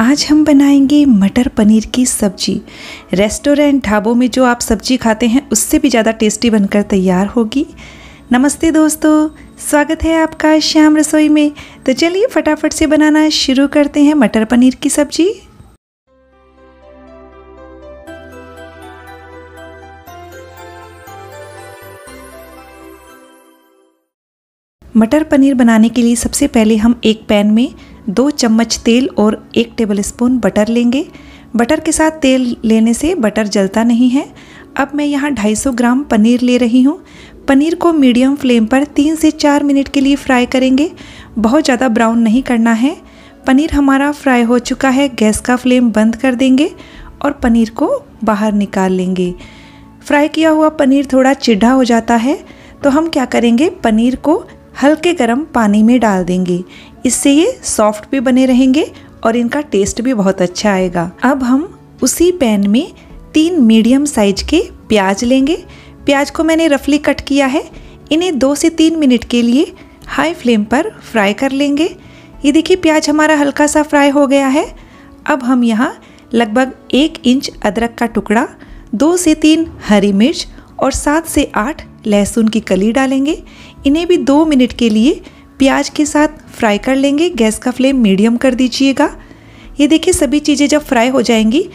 आज हम बनाएंगे मटर पनीर की सब्जी रेस्टोरेंट ढाबों में जो आप सब्जी खाते हैं उससे भी ज़्यादा टेस्टी बनकर तैयार होगी नमस्ते दोस्तों स्वागत है आपका श्याम रसोई में तो चलिए फटाफट से बनाना शुरू करते हैं मटर पनीर की सब्जी मटर पनीर बनाने के लिए सबसे पहले हम एक पैन में दो चम्मच तेल और एक टेबल स्पून बटर लेंगे बटर के साथ तेल लेने से बटर जलता नहीं है अब मैं यहाँ 250 ग्राम पनीर ले रही हूँ पनीर को मीडियम फ्लेम पर तीन से चार मिनट के लिए फ्राई करेंगे बहुत ज़्यादा ब्राउन नहीं करना है पनीर हमारा फ्राई हो चुका है गैस का फ्लेम बंद कर देंगे और पनीर को बाहर निकाल लेंगे फ्राई किया हुआ पनीर थोड़ा चिढ़ा हो जाता है तो हम क्या करेंगे पनीर को हल्के गर्म पानी में डाल देंगे इससे ये सॉफ्ट भी बने रहेंगे और इनका टेस्ट भी बहुत अच्छा आएगा अब हम उसी पैन में तीन मीडियम साइज के प्याज लेंगे प्याज को मैंने रफली कट किया है इन्हें दो से तीन मिनट के लिए हाई फ्लेम पर फ्राई कर लेंगे ये देखिए प्याज हमारा हल्का सा फ्राई हो गया है अब हम यहाँ लगभग एक इंच अदरक का टुकड़ा दो से तीन हरी मिर्च और सात से आठ लहसुन की कली डालेंगे इन्हें भी दो मिनट के लिए प्याज के साथ फ्राई कर लेंगे गैस का फ्लेम मीडियम कर दीजिएगा ये देखिए सभी चीज़ें जब फ्राई हो जाएंगी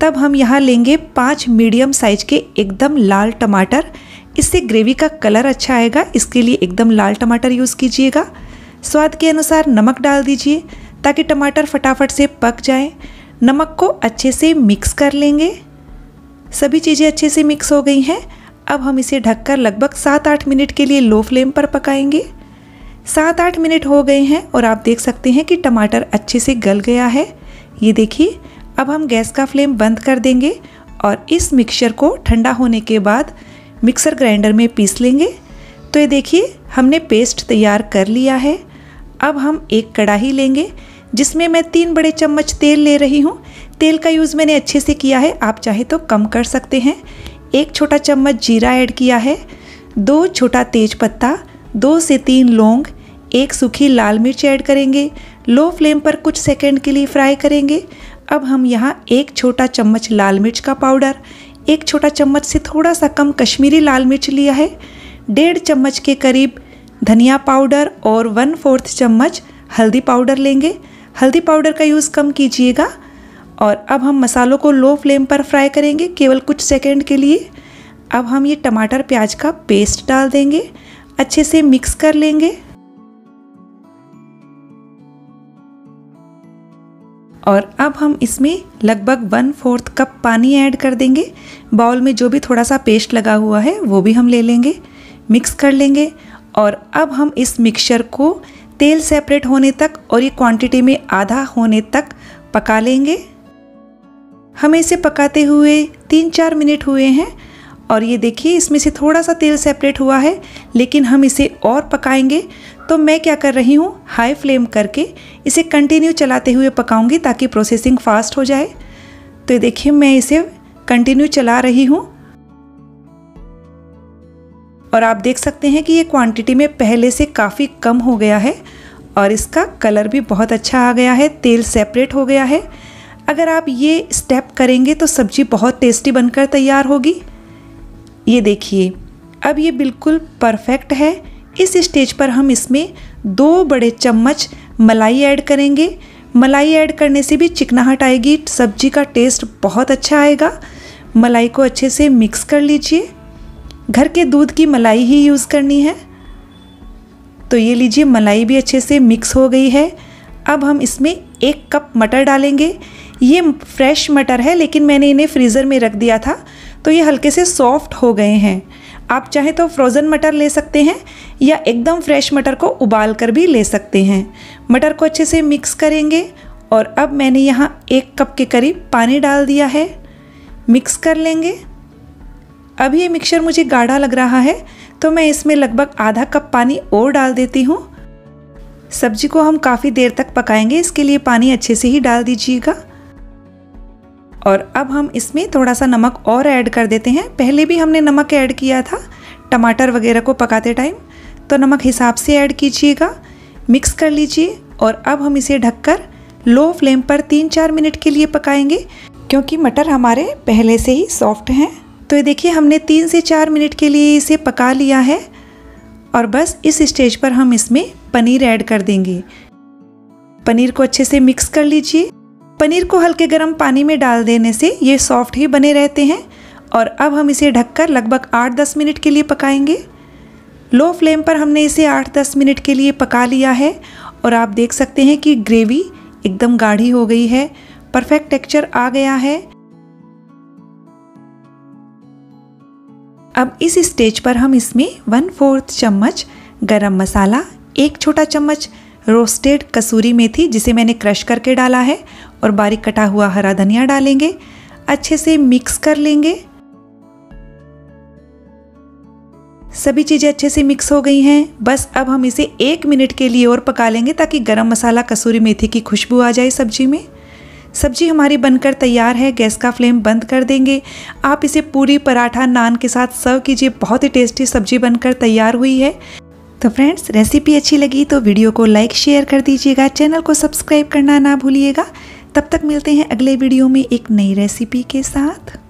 तब हम यहाँ लेंगे पाँच मीडियम साइज के एकदम लाल टमाटर इससे ग्रेवी का कलर अच्छा आएगा इसके लिए एकदम लाल टमाटर यूज़ कीजिएगा स्वाद के अनुसार नमक डाल दीजिए ताकि टमाटर फटाफट से पक जाए नमक को अच्छे से मिक्स कर लेंगे सभी चीज़ें अच्छे से मिक्स हो गई हैं अब हम इसे ढककर लगभग सात आठ मिनट के लिए लो फ्लेम पर पकाएंगे सात आठ मिनट हो गए हैं और आप देख सकते हैं कि टमाटर अच्छे से गल गया है ये देखिए अब हम गैस का फ्लेम बंद कर देंगे और इस मिक्सचर को ठंडा होने के बाद मिक्सर ग्राइंडर में पीस लेंगे तो ये देखिए हमने पेस्ट तैयार कर लिया है अब हम एक कढ़ाई लेंगे जिसमें मैं तीन बड़े चम्मच तेल ले रही हूँ तेल का यूज़ मैंने अच्छे से किया है आप चाहे तो कम कर सकते हैं एक छोटा चम्मच जीरा ऐड किया है दो छोटा तेज पत्ता दो से तीन लौंग एक सूखी लाल मिर्च ऐड करेंगे लो फ्लेम पर कुछ सेकंड के लिए फ्राई करेंगे अब हम यहाँ एक छोटा चम्मच लाल मिर्च का पाउडर एक छोटा चम्मच से थोड़ा सा कम कश्मीरी लाल मिर्च लिया है डेढ़ चम्मच के करीब धनिया पाउडर और वन फोर्थ चम्मच हल्दी पाउडर लेंगे हल्दी पाउडर का यूज़ कम कीजिएगा और अब हम मसालों को लो फ्लेम पर फ्राई करेंगे केवल कुछ सेकेंड के लिए अब हम ये टमाटर प्याज का पेस्ट डाल देंगे अच्छे से मिक्स कर लेंगे और अब हम इसमें लगभग वन फोर्थ कप पानी ऐड कर देंगे बाउल में जो भी थोड़ा सा पेस्ट लगा हुआ है वो भी हम ले लेंगे मिक्स कर लेंगे और अब हम इस मिक्सचर को तेल सेपरेट होने तक और ये क्वांटिटी में आधा होने तक पका लेंगे हमें इसे पकाते हुए तीन चार मिनट हुए हैं और ये देखिए इसमें से थोड़ा सा तेल सेपरेट हुआ है लेकिन हम इसे और पकाएंगे तो मैं क्या कर रही हूँ हाई फ्लेम करके इसे कंटिन्यू चलाते हुए पकाऊंगी ताकि प्रोसेसिंग फास्ट हो जाए तो देखिए मैं इसे कंटिन्यू चला रही हूँ और आप देख सकते हैं कि ये क्वांटिटी में पहले से काफ़ी कम हो गया है और इसका कलर भी बहुत अच्छा आ गया है तेल सेपरेट हो गया है अगर आप ये स्टेप करेंगे तो सब्जी बहुत टेस्टी बनकर तैयार होगी ये देखिए अब ये बिल्कुल परफेक्ट है इस स्टेज पर हम इसमें दो बड़े चम्मच मलाई ऐड करेंगे मलाई ऐड करने से भी चिकनाहट आएगी सब्जी का टेस्ट बहुत अच्छा आएगा मलाई को अच्छे से मिक्स कर लीजिए घर के दूध की मलाई ही यूज़ करनी है तो ये लीजिए मलाई भी अच्छे से मिक्स हो गई है अब हम इसमें एक कप मटर डालेंगे ये फ्रेश मटर है लेकिन मैंने इन्हें फ्रीज़र में रख दिया था तो ये हल्के से सॉफ्ट हो गए हैं आप चाहे तो फ्रोज़न मटर ले सकते हैं या एकदम फ्रेश मटर को उबाल कर भी ले सकते हैं मटर को अच्छे से मिक्स करेंगे और अब मैंने यहाँ एक कप के करीब पानी डाल दिया है मिक्स कर लेंगे अब ये मिक्सचर मुझे गाढ़ा लग रहा है तो मैं इसमें लगभग आधा कप पानी और डाल देती हूँ सब्जी को हम काफ़ी देर तक पकाएंगे इसके लिए पानी अच्छे से ही डाल दीजिएगा और अब हम इसमें थोड़ा सा नमक और ऐड कर देते हैं पहले भी हमने नमक ऐड किया था टमाटर वगैरह को पकाते टाइम तो नमक हिसाब से ऐड कीजिएगा मिक्स कर लीजिए और अब हम इसे ढककर लो फ्लेम पर तीन चार मिनट के लिए पकाएंगे क्योंकि मटर हमारे पहले से ही सॉफ्ट हैं तो ये देखिए हमने तीन से चार मिनट के लिए इसे पका लिया है और बस इस स्टेज पर हम इसमें पनीर ऐड कर देंगे पनीर को अच्छे से मिक्स कर लीजिए पनीर को हल्के गर्म पानी में डाल देने से ये सॉफ्ट ही बने रहते हैं और अब हम इसे ढककर लगभग आठ दस मिनट के लिए पकाएंगे लो फ्लेम पर हमने इसे आठ दस मिनट के लिए पका लिया है और आप देख सकते हैं कि ग्रेवी एकदम गाढ़ी हो गई है परफेक्ट टेक्सचर आ गया है अब इस स्टेज पर हम इसमें वन फोर्थ चम्मच गरम मसाला एक छोटा चम्मच रोस्टेड कसूरी मेथी जिसे मैंने क्रश करके डाला है और बारीक कटा हुआ हरा धनिया डालेंगे अच्छे से मिक्स कर लेंगे सभी चीज़ें अच्छे से मिक्स हो गई हैं बस अब हम इसे एक मिनट के लिए और पका लेंगे ताकि गरम मसाला कसूरी मेथी की खुशबू आ जाए सब्जी में सब्जी हमारी बनकर तैयार है गैस का फ्लेम बंद कर देंगे आप इसे पूरी पराठा नान के साथ सर्व कीजिए बहुत ही टेस्टी सब्जी बनकर तैयार हुई है तो फ्रेंड्स रेसिपी अच्छी लगी तो वीडियो को लाइक शेयर कर दीजिएगा चैनल को सब्सक्राइब करना ना भूलिएगा तब तक मिलते हैं अगले वीडियो में एक नई रेसिपी के साथ